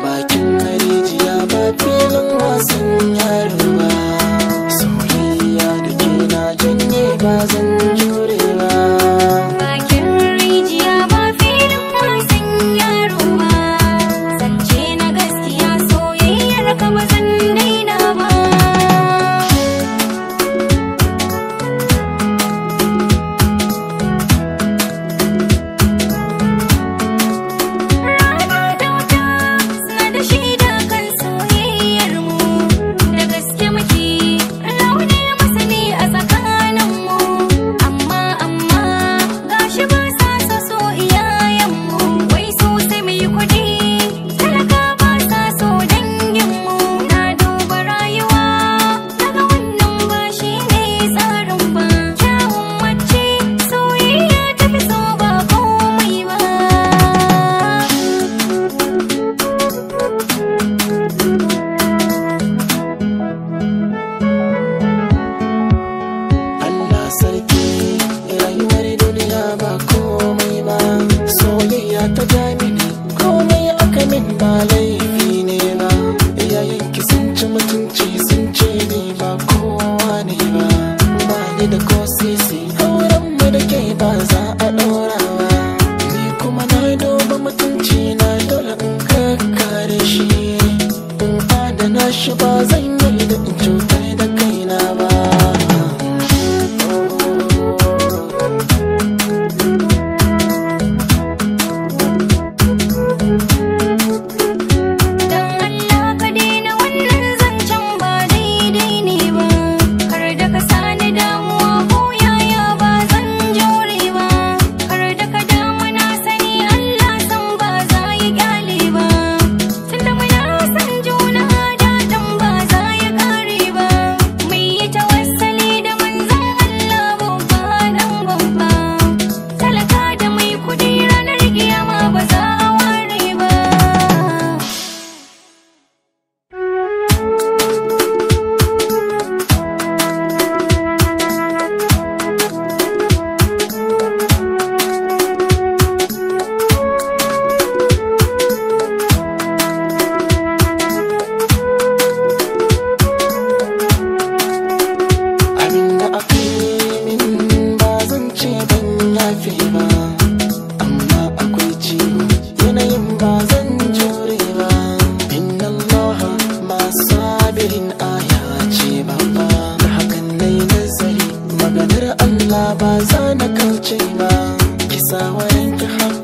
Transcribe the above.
bakin karijiya ba filin wasan yaro ba soyayya da ke na janye ba zan காலை away. Uh-huh.